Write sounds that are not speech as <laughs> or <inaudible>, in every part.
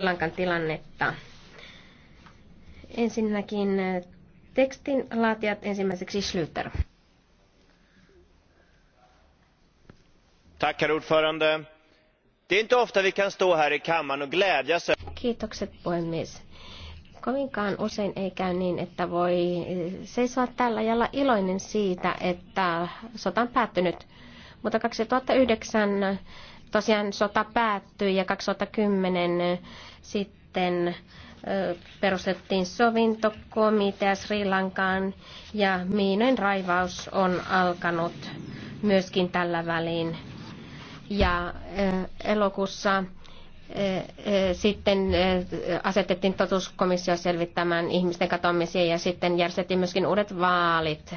Lankan tilannetta. Ensinnäkin eh, tekstin laatijat ensimmäiseksi Schlüter. Tack, ordförande. Det är inte ofta vi kan stå här i kammaren och glädjas Kiitokset, puhemies. Kovinkaan usein ei käy niin, että voi eh, seisoa täällä ja olla iloinen siitä, että sota on päättynyt. Mutta 2009 tosiaan sota päättyi ja 2010 sitten perustettiin sovintokomitea Sri Lankaan ja miinojen raivaus on alkanut myöskin tällä väliin. Ja elokuussa sitten asetettiin totuuskomissio selvittämään ihmisten katoamisia ja sitten järjestettiin myöskin uudet vaalit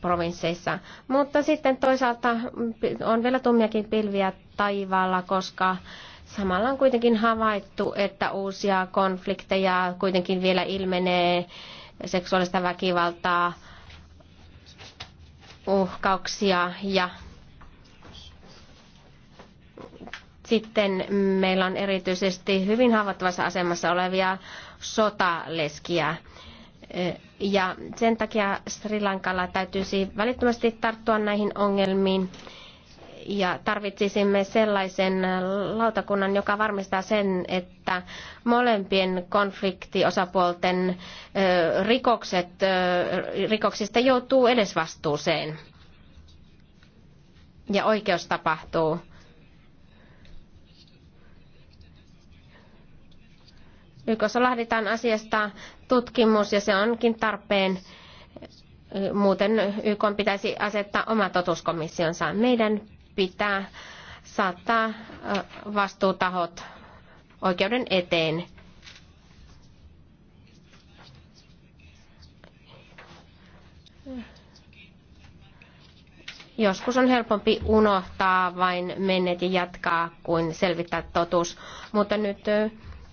provinsseissa. Mutta sitten toisaalta on vielä tummiakin pilviä taivaalla, koska samalla on kuitenkin havaittu, että uusia konflikteja kuitenkin vielä ilmenee, seksuaalista väkivaltaa, uhkauksia ja sitten meillä on erityisesti hyvin haavoittuvassa asemassa olevia sotaleskiä. Ja sen takia Sri Lankalla täytyisi välittömästi tarttua näihin ongelmiin ja tarvitsisimme sellaisen lautakunnan, joka varmistaa sen, että molempien konfliktiosapuolten rikokset, rikoksista joutuu edesvastuuseen ja oikeus tapahtuu. YKssa lahditaan asiasta tutkimus ja se onkin tarpeen. Muuten YK pitäisi asettaa oma totuuskomissionsa. Meidän pitää saattaa vastuutahot oikeuden eteen. Joskus on helpompi unohtaa vain menneet ja jatkaa kuin selvittää totuus, mutta nyt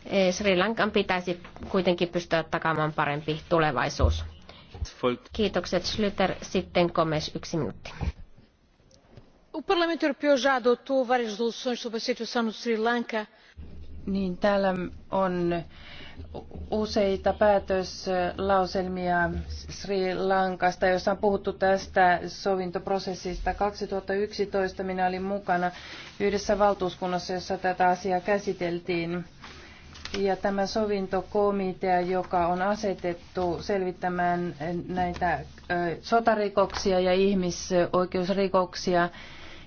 Eh, Sri Lankan pitäisi kuitenkin pystyä takaamaan parempi tulevaisuus. Kiitokset Schlüter. Sitten Komes yksi minuutti. O Parlamento Europeu já adotou várias resoluções sobre a situação no Sri Lanka. Niin, täällä on useita päätöslauselmia Sri Lankasta, jossa on puhuttu tästä sovintoprosessista. 2011 minä olin mukana yhdessä valtuuskunnassa, jossa tätä asiaa käsiteltiin ja tämä sovintokomitea, joka on asetettu selvittämään eh, näitä eh, sotarikoksia ja ihmisoikeusrikoksia,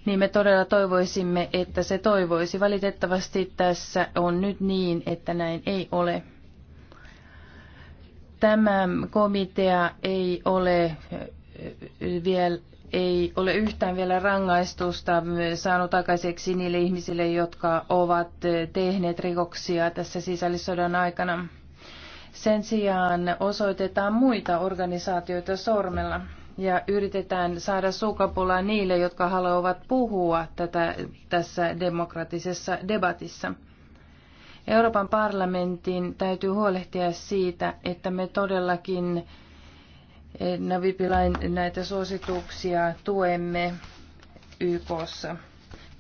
niin me todella toivoisimme, että se toivoisi. Valitettavasti tässä on nyt niin, että näin ei ole. Tämä komitea ei ole vielä ei ole yhtään vielä rangaistusta saanut aikaiseksi niille ihmisille, jotka ovat tehneet rikoksia tässä sisällissodan aikana. Sen sijaan osoitetaan muita organisaatioita sormella ja yritetään saada sukapuolaa niille, jotka haluavat puhua tätä, tässä demokratisessa debatissa. Euroopan parlamentin täytyy huolehtia siitä, että me todellakin Navipilain näitä suosituksia tuemme YKssa.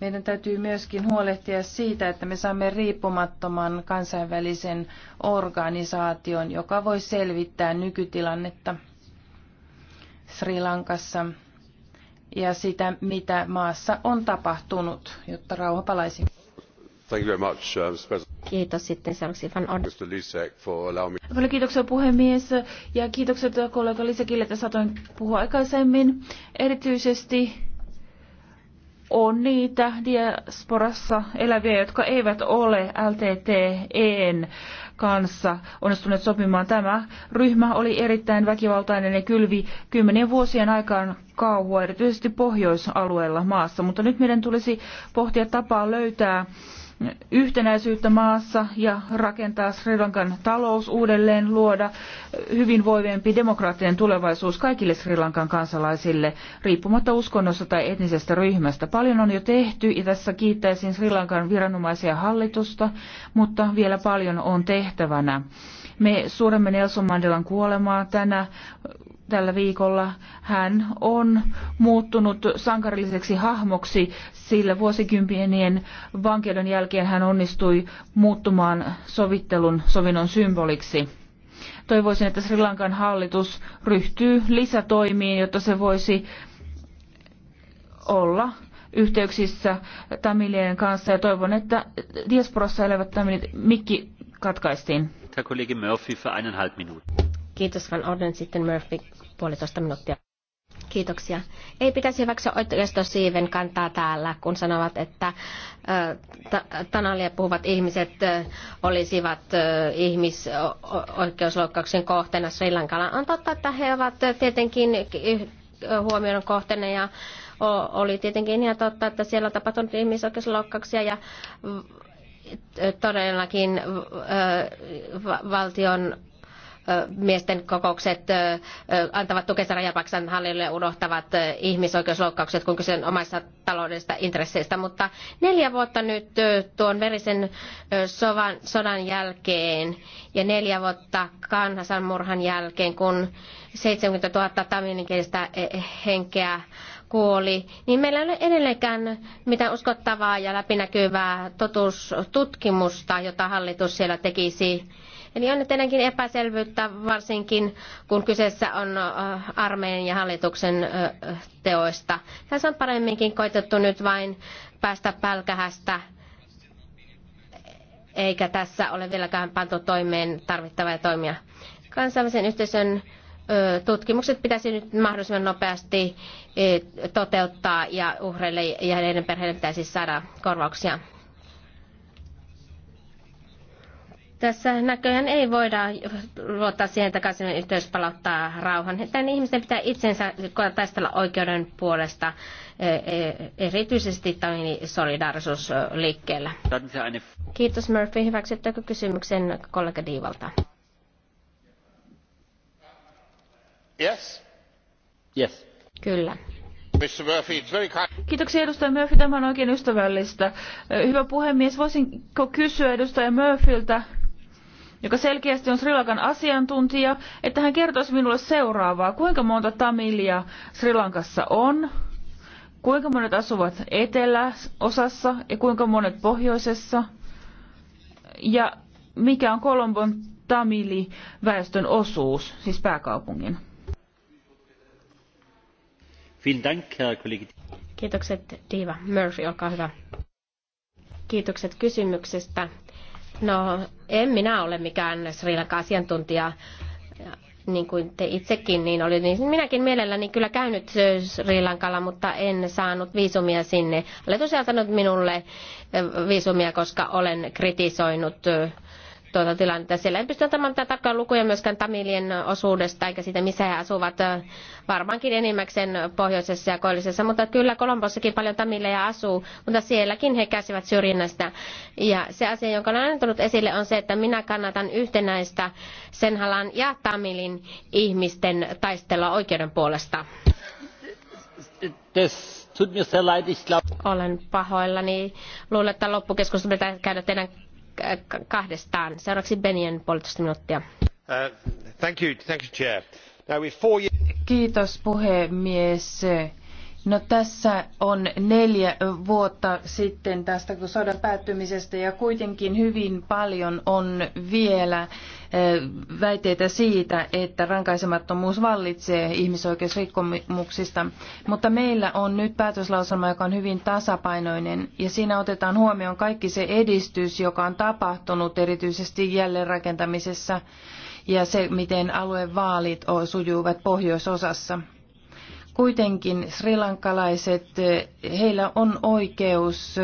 Meidän täytyy myöskin huolehtia siitä, että me saamme riippumattoman kansainvälisen organisaation, joka voi selvittää nykytilannetta Sri Lankassa ja sitä, mitä maassa on tapahtunut, jotta rauha palaisi. Thank you very much, uh, Kiitos sitten seuraavaksi Van kiitoksia puhemies ja kiitokset kollega Lisekille, että satoin puhua aikaisemmin. Erityisesti on niitä diasporassa eläviä, jotka eivät ole LTTEn kanssa onnistuneet sopimaan. Tämä ryhmä oli erittäin väkivaltainen ja kylvi kymmenien vuosien aikaan kauhua, erityisesti pohjoisalueella maassa. Mutta nyt meidän tulisi pohtia tapaa löytää yhtenäisyyttä maassa ja rakentaa Sri Lankan talous uudelleen, luoda hyvinvoivempi demokraattinen tulevaisuus kaikille Sri Lankan kansalaisille, riippumatta uskonnosta tai etnisestä ryhmästä. Paljon on jo tehty ja tässä kiittäisin Sri Lankan viranomaisia hallitusta, mutta vielä paljon on tehtävänä. Me suuremme Nelson Mandelan kuolemaa tänä tällä viikolla. Hän on muuttunut sankarilliseksi hahmoksi, sillä vuosikymmenien vankeuden jälkeen hän onnistui muuttumaan sovittelun sovinnon symboliksi. Toivoisin, että Sri Lankan hallitus ryhtyy lisätoimiin, jotta se voisi olla yhteyksissä tamilien kanssa ja toivon, että diasporassa elävät tamilit mikki katkaistiin. Kiitos Van Orden, sitten Murphy puolitoista minuuttia. Kiitoksia. Ei pitäisi hyväksyä siiven kantaa täällä, kun sanovat, että tanalia puhuvat ihmiset olisivat ihmisoikeusloukkauksen kohteena Sri Lankalla. On totta, että he ovat tietenkin huomion kohteena ja oli tietenkin ihan totta, että siellä on tapahtunut ihmisoikeusloukkauksia ja todellakin valtion miesten kokoukset antavat tukensa Rajapaksan hallinnolle ja unohtavat ihmisoikeusloukkaukset, kun kyse on omassa taloudellisista intresseistä. Mutta neljä vuotta nyt tuon verisen sovan, sodan jälkeen ja neljä vuotta Kanhasan murhan jälkeen, kun 70 000 tamilinkielistä henkeä kuoli, niin meillä ei ole edelleenkään mitään uskottavaa ja läpinäkyvää totuustutkimusta, jota hallitus siellä tekisi Eli on ennenkin epäselvyyttä, varsinkin kun kyseessä on äh, armeijan ja hallituksen äh, teoista. Tässä on paremminkin koitettu nyt vain päästä pälkähästä, eikä tässä ole vieläkään pantu toimeen tarvittavia toimia. Kansainvälisen yhteisön tutkimukset pitäisi nyt mahdollisimman nopeasti toteuttaa ja uhreille ja heidän perheille pitäisi saada korvauksia. Tässä näköjään ei voida luottaa siihen, että kansainvälinen yhteys palauttaa rauhan. Tämän ihmisen pitää itsensä taistella oikeuden puolesta, e, e, erityisesti solidaarisuusliikkeellä. Kiitos Murphy. Hyväksyttekö kysymyksen kollega Diivalta? Yes. Yes. Kyllä. Kiitoksia edustaja Murphy, tämä on oikein ystävällistä. Hyvä puhemies, voisinko kysyä edustaja Murphyltä, joka selkeästi on Sri Lankan asiantuntija, että hän kertoisi minulle seuraavaa. Kuinka monta tamilia Sri Lankassa on? Kuinka monet asuvat eteläosassa ja kuinka monet pohjoisessa? Ja mikä on Kolombon väestön osuus, siis pääkaupungin? Kiitokset Diva Murphy, olkaa hyvä. Kiitokset kysymyksestä. No, en minä ole mikään Sri Lanka-asiantuntija niin kuin te itsekin, niin oli, niin minäkin mielelläni kyllä käynyt Sri Lankalla, mutta en saanut viisumia sinne. Olet tosiaan antanut minulle eh, viisumia, koska olen kritisoinut eh, tuota tilannetta. Siellä ei pystytä antamaan mitään tarkkaan lukuja myöskään Tamilien osuudesta, eikä siitä missä he asuvat varmaankin enimmäkseen pohjoisessa ja koillisessa, mutta kyllä Kolombossakin paljon Tamileja asuu, mutta sielläkin he käsivät syrjinnästä. Ja se asia, jonka olen tullut esille, on se, että minä kannatan yhtenäistä Senhalan ja Tamilin ihmisten taistelua oikeuden puolesta. Olen pahoillani. Luulen, että loppukeskustelu pitää käydä teidän kahdestaan. Seuraavaksi Benien puolitoista minuuttia. Uh, Kiitos puhemies. No tässä on neljä vuotta sitten tästä kun sodan päättymisestä ja kuitenkin hyvin paljon on vielä Eh, väitteitä siitä, että rankaisemattomuus vallitsee ihmisoikeusrikkomuksista. Mutta meillä on nyt päätöslauselma, joka on hyvin tasapainoinen ja siinä otetaan huomioon kaikki se edistys, joka on tapahtunut erityisesti jälleenrakentamisessa ja se, miten aluevaalit sujuvat pohjoisosassa. Kuitenkin srilankalaiset, heillä on oikeus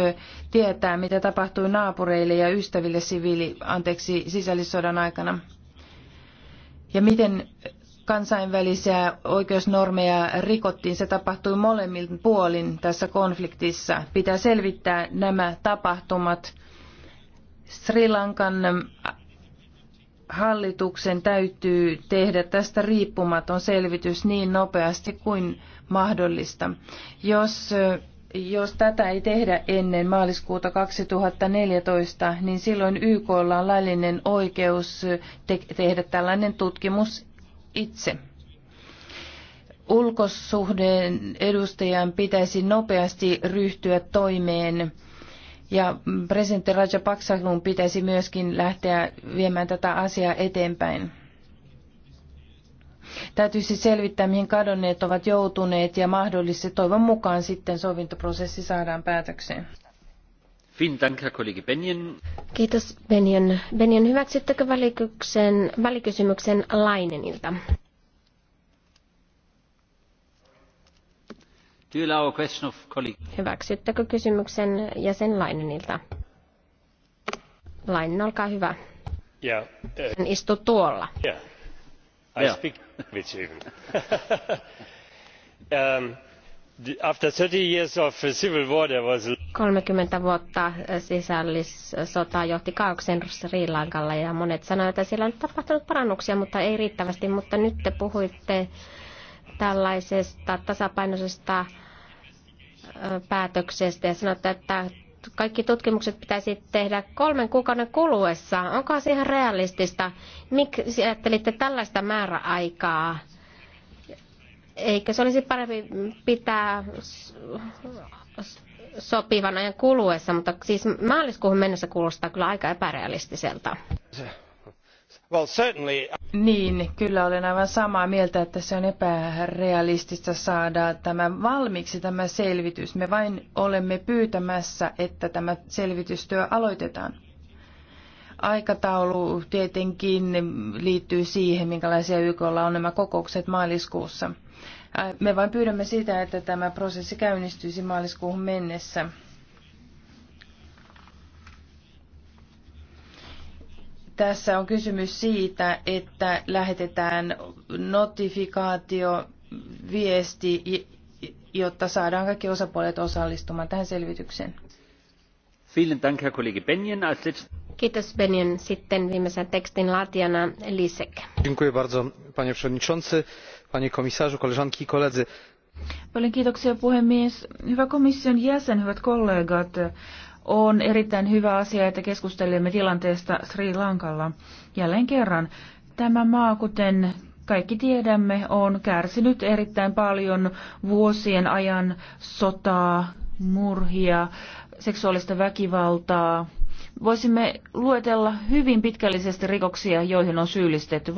tietää, mitä tapahtui naapureille ja ystäville siviili, anteeksi, sisällissodan aikana. Ja miten kansainvälisiä oikeusnormeja rikottiin. Se tapahtui molemmin puolin tässä konfliktissa. Pitää selvittää nämä tapahtumat. Sri Lankan hallituksen täytyy tehdä tästä riippumaton selvitys niin nopeasti kuin mahdollista. Jos, jos tätä ei tehdä ennen maaliskuuta 2014, niin silloin YKlla on laillinen oikeus te- tehdä tällainen tutkimus itse. Ulkosuhden edustajan pitäisi nopeasti ryhtyä toimeen ja presidentti Rajapaksaklun pitäisi myöskin lähteä viemään tätä asiaa eteenpäin. Täytyisi selvittää, mihin kadonneet ovat joutuneet ja mahdollisesti toivon mukaan sitten sovintoprosessi saadaan päätökseen. Kiitos Benjen. Benjen, hyväksyttekö välikysymyksen Lainenilta? Hyväksyttekö kysymyksen jäsen Lainenilta? Lainen, olkaa hyvä. Yeah. Uh, Istu tuolla. Yeah. I yeah. speak with you. <laughs> um, after 30 years of uh, civil war there was 30 vuotta uh, sisällissota johti kaauksen Sri Lankalla ja monet sanoivat, että siellä on tapahtunut parannuksia, mutta ei riittävästi. Mutta nyt te puhuitte tällaisesta tasapainoisesta päätöksestä ja sanotte, että kaikki tutkimukset pitäisi tehdä kolmen kuukauden kuluessa. Onko se ihan realistista? Miksi ajattelitte tällaista määräaikaa? Eikö se olisi parempi pitää sopivan ajan kuluessa, mutta siis maaliskuuhun mennessä kuulostaa kyllä aika epärealistiselta. Uh, niin, kyllä olen aivan samaa mieltä, että se on epärealistista saada tämä valmiiksi tämä selvitys. Me vain olemme pyytämässä, että tämä selvitystyö aloitetaan. Aikataulu tietenkin liittyy siihen, minkälaisia YKlla on nämä kokoukset maaliskuussa. Me vain pyydämme sitä, että tämä prosessi käynnistyisi maaliskuuhun mennessä. Tässä on kysymys siitä, että lähetetään notifikaatio, viesti, jotta saadaan kaikki osapuolet osallistumaan tähän selvitykseen. Kiitos Benjen. Sitten viimeisen tekstin laatijana Lisek. Dziękuję bardzo, panie przewodniczący, panie komisarzu, koleżanki i koledzy. Paljon kiitoksia puhemies. Hyvä komission jäsen, hyvät kollegat. On erittäin hyvä asia, että keskustelemme tilanteesta Sri Lankalla. Jälleen kerran, tämä maa, kuten kaikki tiedämme, on kärsinyt erittäin paljon vuosien ajan sotaa, murhia, seksuaalista väkivaltaa. Voisimme luetella hyvin pitkällisesti rikoksia, joihin on syyllistetty.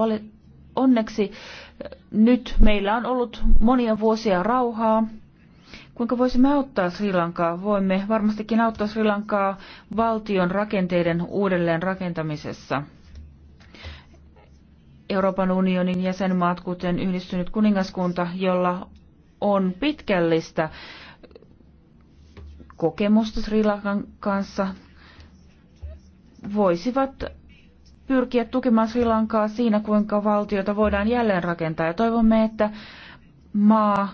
Onneksi nyt meillä on ollut monia vuosia rauhaa, Kuinka voisimme auttaa Sri Lankaa? Voimme varmastikin auttaa Sri Lankaa valtion rakenteiden uudelleen rakentamisessa. Euroopan unionin jäsenmaat, kuten yhdistynyt kuningaskunta, jolla on pitkällistä kokemusta Sri Lankan kanssa, voisivat pyrkiä tukemaan Sri Lankaa siinä, kuinka valtiota voidaan jälleenrakentaa. Ja toivomme, että maa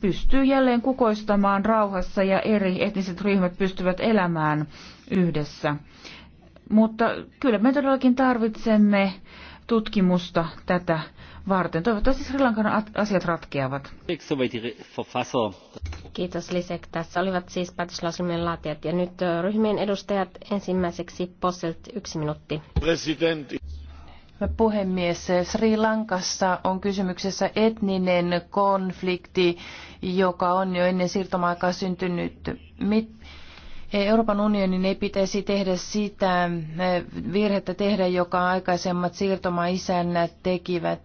pystyy jälleen kukoistamaan rauhassa ja eri etniset ryhmät pystyvät elämään yhdessä. Mutta kyllä me todellakin tarvitsemme tutkimusta tätä varten. Toivottavasti Sri Lankan asiat ratkeavat. Kiitos Lisek. Tässä olivat siis päätöslauselmien laatijat. Ja nyt ryhmien edustajat ensimmäiseksi Posselt yksi minuutti. Presidentti puhemies. Sri Lankassa on kysymyksessä etninen konflikti, joka on jo ennen siirtomaakaa syntynyt. Euroopan unionin ei pitäisi tehdä sitä eh, virhettä tehdä, joka aikaisemmat siirtomaaisännät tekivät.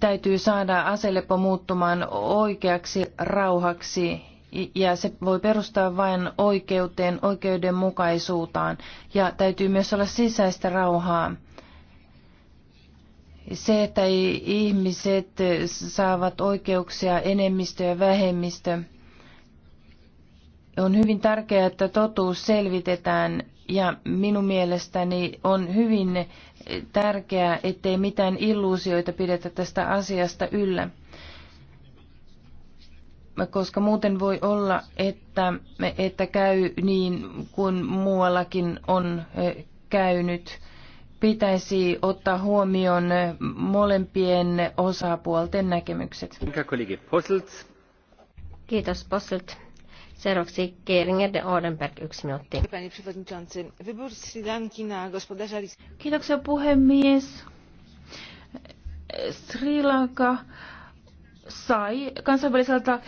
Täytyy saada aselepo muuttumaan oikeaksi rauhaksi ja se voi perustaa vain oikeuteen, oikeudenmukaisuutaan ja täytyy myös olla sisäistä rauhaa. Se, että ihmiset saavat oikeuksia enemmistö ja vähemmistö, on hyvin tärkeää, että totuus selvitetään ja minun mielestäni on hyvin tärkeää, ettei mitään illuusioita pidetä tästä asiasta yllä koska muuten voi olla, että, että käy niin kuin muuallakin on käynyt. Pitäisi ottaa huomioon molempien osapuolten näkemykset. Kiitos, Posselt. Seuraavaksi Geringer de Odenberg, yksi minuutti. Kiitoksia puhemies. Sri Lanka sai kansainväliseltä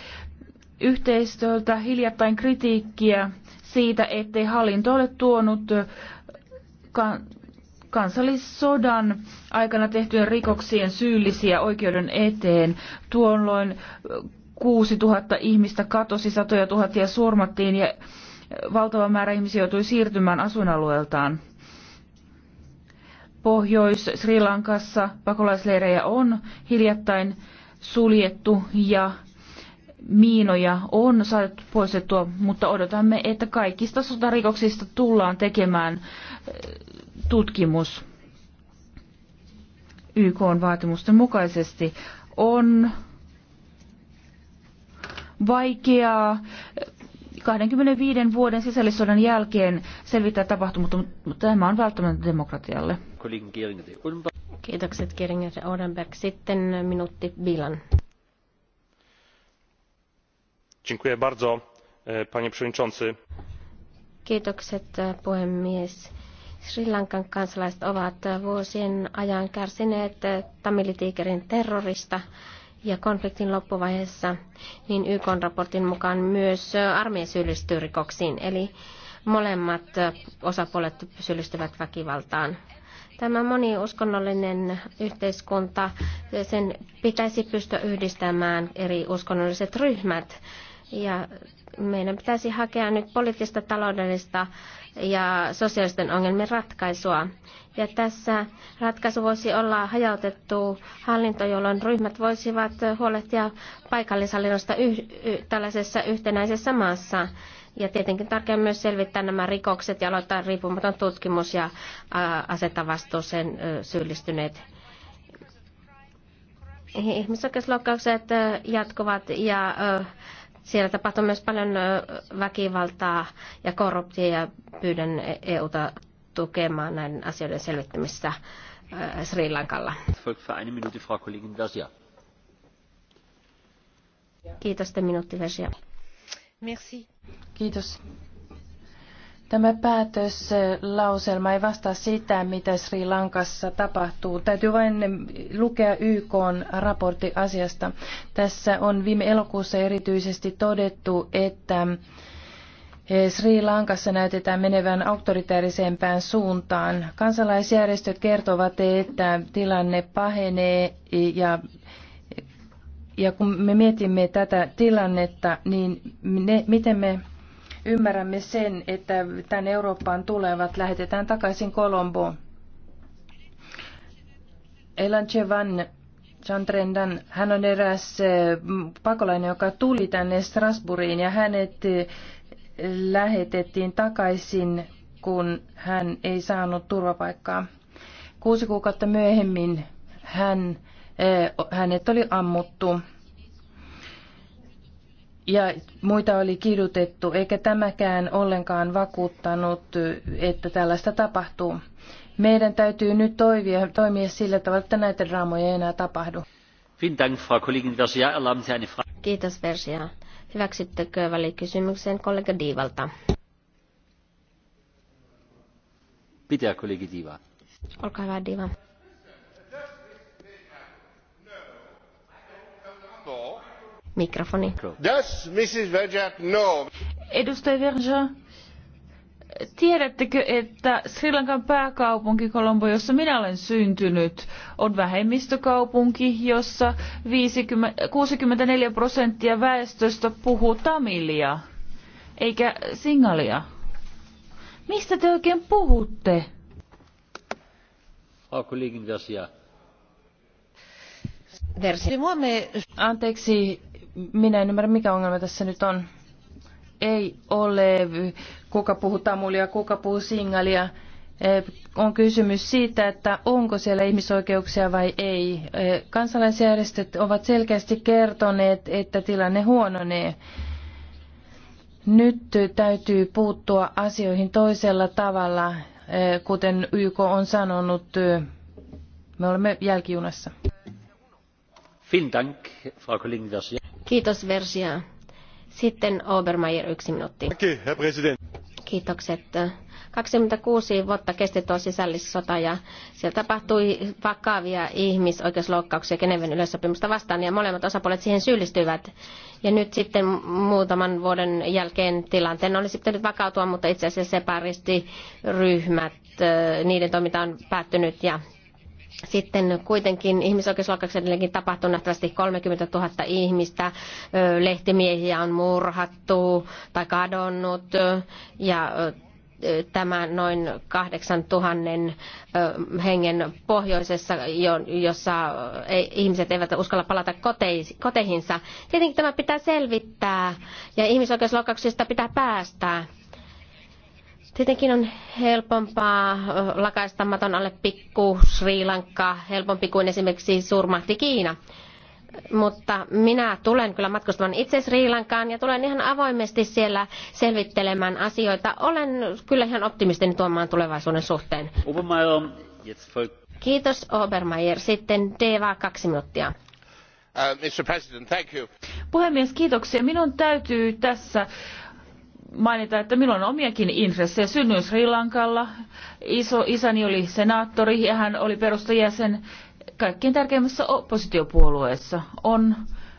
yhteistyöltä hiljattain kritiikkiä siitä, ettei hallinto ole tuonut kan- kansallissodan aikana tehtyjen rikoksien syyllisiä oikeuden eteen. Tuolloin 6000 ihmistä katosi, satoja tuhatia surmattiin ja valtava määrä ihmisiä joutui siirtymään asuinalueeltaan. Pohjois-Sri Lankassa pakolaisleirejä on hiljattain suljettu ja miinoja on saatu poistettua, mutta odotamme, että kaikista sotarikoksista tullaan tekemään eh, tutkimus YK on vaatimusten mukaisesti. On vaikeaa eh, 25 vuoden sisällissodan jälkeen selvittää tapahtumat, mutta tämä on välttämätöntä demokratialle. Kiitokset Keringer Odenberg. Sitten minuutti Bilan. Dziękuję bardzo, panie przewodniczący. Kiitokset puhemies. Sri Lankan kansalaiset ovat vuosien ajan kärsineet tamilitiikerin terrorista ja konfliktin loppuvaiheessa, niin YK-raportin mukaan myös armeija syyllistyy rikoksiin, eli molemmat osapuolet syyllistyvät väkivaltaan. Tämä moniuskonnollinen yhteiskunta, sen pitäisi pystyä yhdistämään eri uskonnolliset ryhmät. Ja meidän pitäisi hakea nyt poliittista, taloudellista ja sosiaalisten ongelmien ratkaisua. Ja tässä ratkaisu voisi olla hajautettu hallinto, jolloin ryhmät voisivat huolehtia paikallishallinnosta yh- y- tällaisessa yhtenäisessä maassa. Ja tietenkin tärkeää myös selvittää nämä rikokset ja aloittaa riippumaton tutkimus ja asettaa vastuuseen syyllistyneet. Ihmisoikeusloukkaukset jatkuvat ja siellä tapahtuu myös paljon väkivaltaa ja korruptiota ja pyydän e- EUta tukemaan näiden asioiden selvittämistä Sri Lankalla. Kiitos, te minuutti Versia. Merci. Kiitos. Tämä päätöslauselma ei vastaa sitä, mitä Sri Lankassa tapahtuu. Täytyy vain lukea YK raportti asiasta. Tässä on viime elokuussa erityisesti todettu, että eh, Sri Lankassa näytetään menevän autoritäärisempään suuntaan. Kansalaisjärjestöt kertovat, että tilanne pahenee ja ja kun me mietimme tätä tilannetta, niin ne, miten me ymmärrämme sen, että tänne Eurooppaan tulevat lähetetään takaisin Kolomboon. Elan Chevan Chandrendan, hän on eräs eh, pakolainen, joka tuli tänne Strasbourgiin ja hänet eh, lähetettiin takaisin, kun hän ei saanut turvapaikkaa. Kuusi kuukautta myöhemmin hän, eh, hänet oli ammuttu ja muita oli kidutettu, eikä tämäkään ollenkaan vakuuttanut, että tällaista tapahtuu. Meidän täytyy nyt toimia, toimia sillä tavalla, että näitä draamoja ei enää tapahdu. Kiitos Versia. Hyväksyttekö välikysymyksen kollega Diivalta? Pitää kollega Diiva. Olkaa hyvä Diiva. Mikrofoni. Does Mrs. know? Edustaja Verger, tiedättekö, että Sri Lankan pääkaupunki Colombo, jossa minä olen syntynyt, on vähemmistökaupunki, jossa 50, 64 prosenttia väestöstä puhuu tamilia, eikä singalia. Mistä te oikein puhutte? Anteeksi, minä en ymmärrä, mikä ongelma tässä nyt on. Ei ole, kuka puhuu tamulia, kuka puhuu singalia. Eh, on kysymys siitä, että onko siellä ihmisoikeuksia vai ei. Eh, kansalaisjärjestöt ovat selkeästi kertoneet, että tilanne huononee. Nyt täytyy puuttua asioihin toisella tavalla, eh, kuten YK on sanonut. Me olemme jälkijunassa. Fin Dank, Frau Kollegin Kiitos Versia. Sitten Obermeier yksi minuutti. Kiitokset. 26 vuotta kesti tuo sisällissota ja siellä tapahtui vakavia ihmisoikeusloukkauksia Geneven yleissopimusta vastaan ja molemmat osapuolet siihen syyllistyivät. Ja nyt sitten muutaman vuoden jälkeen tilanteen olisi pitänyt vakautua, mutta itse asiassa ryhmät niiden toiminta on päättynyt ja sitten kuitenkin ihmisoikeuslaukaukselleenkin tapahtuu nähtävästi 30 000 ihmistä, lehtimiehiä on murhattu tai kadonnut ja tämä noin 8 000 hengen pohjoisessa, jossa ihmiset eivät uskalla palata koteihinsa. Tietenkin tämä pitää selvittää ja ihmisoikeusloukkauksista pitää päästää. Tietenkin on helpompaa lakaista maton alle pikku Sri Lanka, helpompi kuin esimerkiksi suurmahti Kiina. Mutta minä tulen kyllä matkustamaan itse Sri Lankaan ja tulen ihan avoimesti siellä selvittelemään asioita. Olen kyllä ihan optimistinen tuomaan tulevaisuuden suhteen. Kiitos Obermeier. Sitten Deva kaksi minuuttia. Uh, Mr. President, thank you. Puhemies, kiitoksia. Minun täytyy tässä mainita, että minulla on omiakin intressejä. Synnyin Sri Lankalla, iso isäni oli senaattori ja hän oli perustajäsen kaikkein tärkeimmässä oppositiopuolueessa. On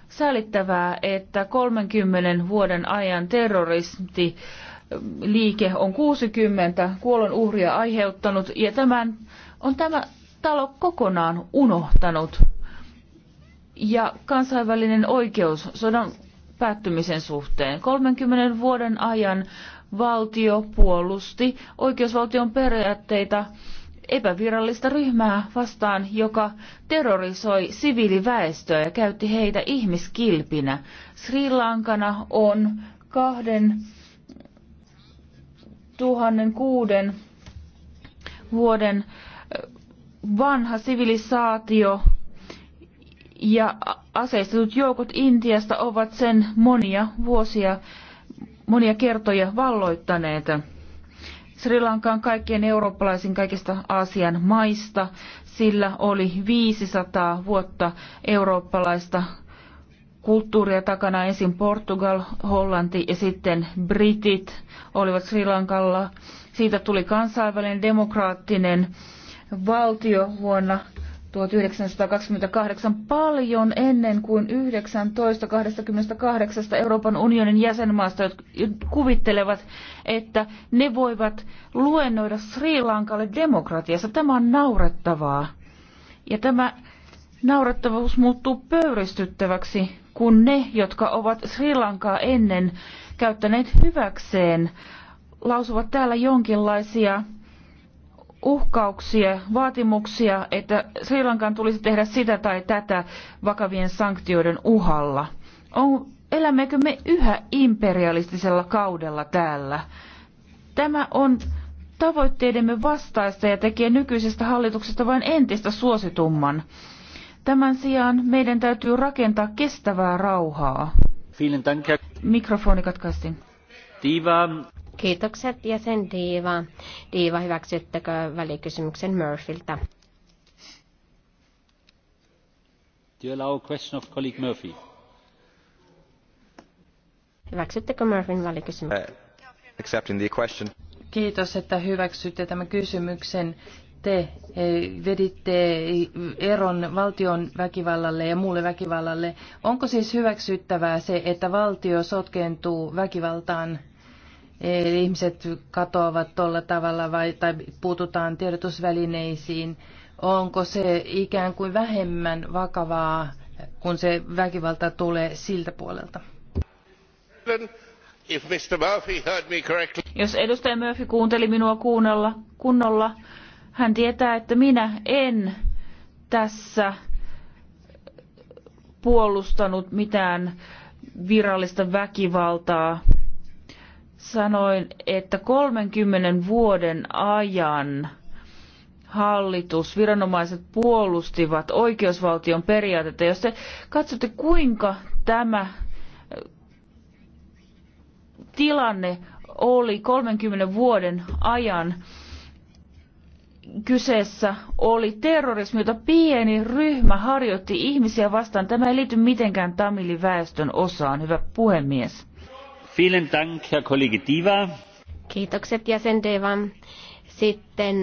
säälittävää, että 30 vuoden ajan terroristi liike on 60 kuolon uhria aiheuttanut ja tämän on tämä talo kokonaan unohtanut. Ja kansainvälinen oikeus sodan päättymisen suhteen. 30 vuoden ajan valtio puolusti oikeusvaltion periaatteita epävirallista ryhmää vastaan, joka terrorisoi siviiliväestöä ja käytti heitä ihmiskilpinä. Sri Lankana on kahden tuhannen kuuden vuoden eh, vanha sivilisaatio ja aseistetut joukot Intiasta ovat sen monia vuosia, monia kertoja valloittaneet. Sri Lanka on kaikkien eurooppalaisin kaikista Aasian maista. Sillä oli 500 vuotta eurooppalaista kulttuuria takana. Ensin Portugal, Hollanti ja sitten Britit olivat Sri Lankalla. Siitä tuli kansainvälinen demokraattinen valtio vuonna 1928 paljon ennen kuin 1928 Euroopan unionin jäsenmaasta, jotka kuvittelevat, että ne voivat luennoida Sri Lankalle demokratiassa. Tämä on naurettavaa. Ja tämä naurettavuus muuttuu pöyristyttäväksi, kun ne, jotka ovat Sri Lankaa ennen käyttäneet hyväkseen, lausuvat täällä jonkinlaisia uhkauksia, vaatimuksia, että Sri Lankan tulisi tehdä sitä tai tätä vakavien sanktioiden uhalla. On, elämmekö me yhä imperialistisella kaudella täällä? Tämä on tavoitteidemme vastaista ja tekee nykyisestä hallituksesta vain entistä suositumman. Tämän sijaan meidän täytyy rakentaa kestävää rauhaa. Mikrofoni katkaistiin. Kiitokset jäsen Diiva. Diiva, hyväksyttekö välikysymyksen Murphyltä? Do you allow a question of colleague Murphy? Hyväksyttekö Murphyn välikysymyksen? Uh, accepting the question. Kiitos, että hyväksytte tämän kysymyksen te eh, veditte eron valtion väkivallalle ja muulle väkivallalle. Onko siis hyväksyttävää se, että valtio sotkeentuu väkivaltaan? ihmiset katoavat tuolla tavalla vai, tai puututaan tiedotusvälineisiin. Onko se ikään kuin vähemmän vakavaa, kun se väkivalta tulee siltä puolelta? Jos edustaja Murphy kuunteli minua kuunnella, kunnolla, hän tietää, että minä en tässä puolustanut mitään virallista väkivaltaa sanoin, että 30 vuoden ajan hallitus, viranomaiset puolustivat oikeusvaltion periaatetta. Jos te katsotte, kuinka tämä eh, tilanne oli 30 vuoden ajan, kyseessä oli terrorismi, jota pieni ryhmä harjoitti ihmisiä vastaan. Tämä ei liity mitenkään Tamilin väestön osaan, hyvä puhemies. Vielen Dank, Herr Kollege Diva. Kiitokset jäsen Deva. Sitten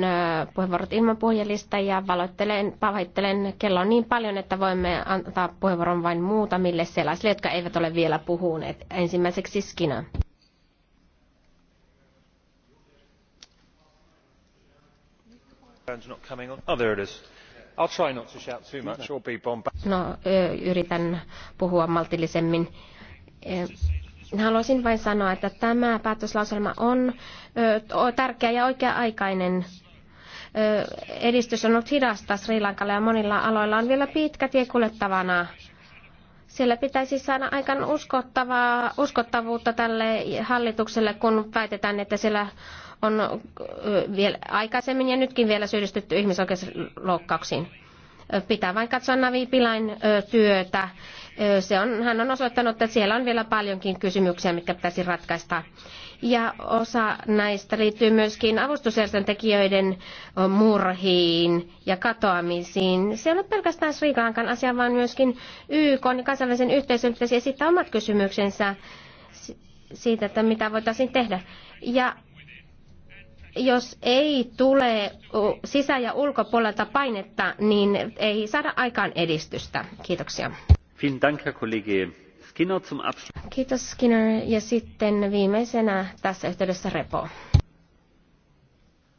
puheenvuorot ilman puhujalista ja valoittelen, pahoittelen, kello on niin paljon, että voimme antaa puheenvuoron vain muutamille sellaisille, jotka eivät ole vielä puhuneet. Ensimmäiseksi Skina. No, yritän puhua maltillisemmin. Haluaisin vain sanoa, että tämä päätöslauselma on tärkeä ja oikea-aikainen. Edistys on ollut hidasta Sri Lankalla ja monilla aloilla on vielä pitkä tie kuljettavana. Siellä pitäisi saada aikaan uskottavaa, uskottavuutta tälle hallitukselle, kun väitetään, että siellä on vielä aikaisemmin ja nytkin vielä syyllistytty ihmisoikeusloukkauksiin. Pitää vain katsoa Navi Pilain työtä se on, hän on osoittanut, että siellä on vielä paljonkin kysymyksiä, mitkä pitäisi ratkaista. Ja osa näistä liittyy myöskin avustusjärjestöntekijöiden murhiin ja katoamisiin. Se ei ole pelkästään Sri Lankan asia, vaan myöskin YK ja kansainvälisen yhteisön pitäisi esittää omat kysymyksensä siitä, että mitä voitaisiin tehdä. Ja jos ei tule sisä- ja ulkopuolelta painetta, niin ei saada aikaan edistystä. Kiitoksia. Kiitos Skinner ja sitten viimeisenä tässä yhteydessä Repo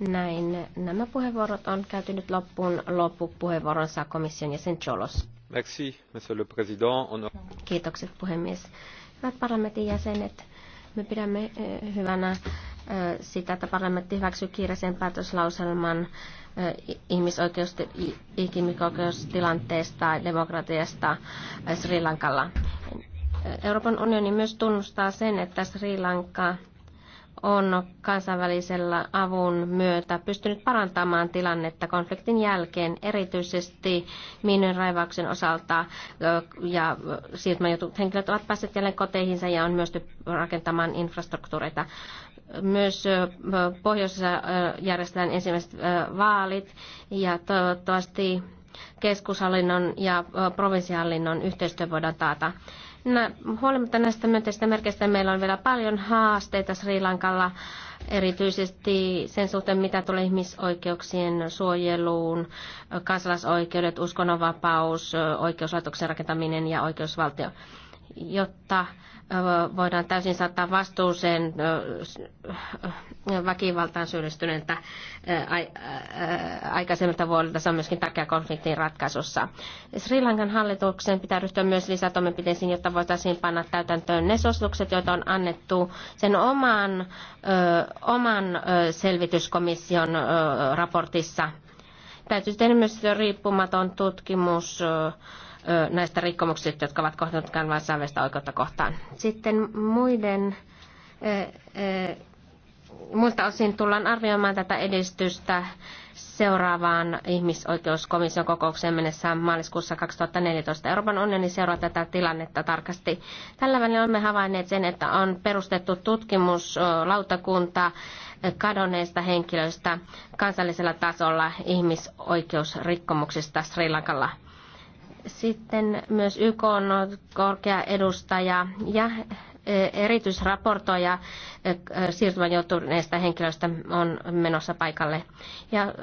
Näin nämä puheenvuorot on käyty nyt loppuun. Loppupuheenvuoron saa komission jäsen Cholos. Merci, monsieur le président. On... Kiitokset puhemies. Hyvät parlamentin jäsenet, me pidämme eh, hyvänä eh, sitä, että parlamentti hyväksyy kiireisen päätöslauselman eh, ihmisoikeustilanteesta ja demokratiasta Sri Lankalla. Euroopan unioni myös tunnustaa sen, että Sri Lanka on kansainvälisellä avun myötä pystynyt parantamaan tilannetta konfliktin jälkeen, erityisesti miinojen raivauksen osalta, ja siirtymäjutut henkilöt ovat päässeet jälleen koteihinsa ja on myös rakentamaan infrastruktuureita. Myös pohjoisessa järjestetään ensimmäiset vaalit, ja toivottavasti keskushallinnon ja provinsihallinnon yhteistyö voidaan taata. Nä, no, huolimatta näistä myönteistä merkeistä meillä on vielä paljon haasteita Sri Lankalla, erityisesti sen suhteen, mitä tulee ihmisoikeuksien suojeluun, kansalaisoikeudet, uskonnonvapaus, oikeuslaitoksen rakentaminen ja oikeusvaltio jotta voidaan täysin saattaa vastuuseen väkivaltaan syyllistyneeltä aikaisemmilta vuodelta. Se on myöskin tärkeä konfliktin ratkaisussa. Sri Lankan hallituksen pitää ryhtyä myös lisätoimenpiteisiin, jotta voitaisiin panna täytäntöön ne suositukset, joita on annettu sen oman, oman selvityskomission raportissa. Täytyy tehdä myös riippumaton tutkimus näistä rikkomuksista, jotka ovat kohdanneet kansainvälistä oikeutta kohtaan. Sitten muiden muista osin tullaan arvioimaan tätä edistystä seuraavaan ihmisoikeuskomission kokoukseen mennessä maaliskuussa 2014. Euroopan unioni seuraa tätä tilannetta tarkasti. Tällä välin olemme havainneet sen, että on perustettu tutkimuslautakunta kadonneista henkilöistä kansallisella tasolla ihmisoikeusrikkomuksista Sri Lankalla – sitten myös YK on korkea edustaja ja e, erityisraportoja e, e, siirtymän joutuneista henkilöistä on menossa paikalle. Ja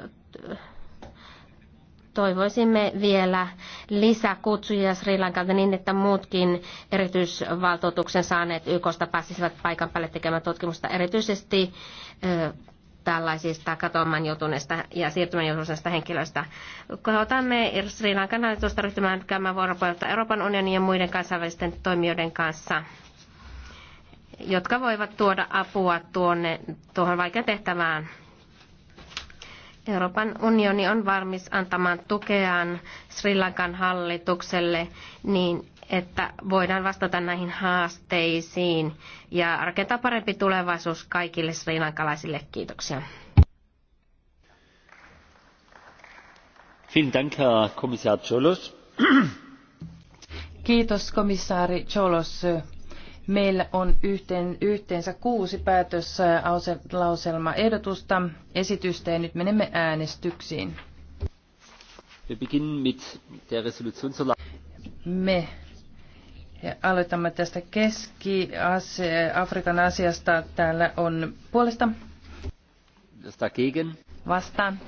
toivoisimme vielä lisäkutsuja Sri Lankalta niin, että muutkin erityisvaltuutuksen saaneet YKsta pääsisivät paikan päälle tekemään tutkimusta erityisesti tällaisista katoamaan joutuneista ja siirtymään joutuneista henkilöistä. Kohotamme Sri Lankan hallitusta ryhtymään käymään vuoropuolta Euroopan unionin ja muiden kansainvälisten toimijoiden kanssa, jotka voivat tuoda apua tuonne, tuohon vaikean tehtävään. Euroopan unioni on valmis antamaan tukeaan Sri Lankan hallitukselle niin, että voidaan vastata näihin haasteisiin ja rakentaa parempi tulevaisuus kaikille sri lankalaisille. Kiitoksia. Kiitos komissaari Cholos. Meillä on yhteen, yhteensä kuusi ehdotusta esitystä ja nyt menemme äänestyksiin. Me ja aloitamme tästä Keski-Afrikan asiasta. Täällä on puolesta. Vastaan.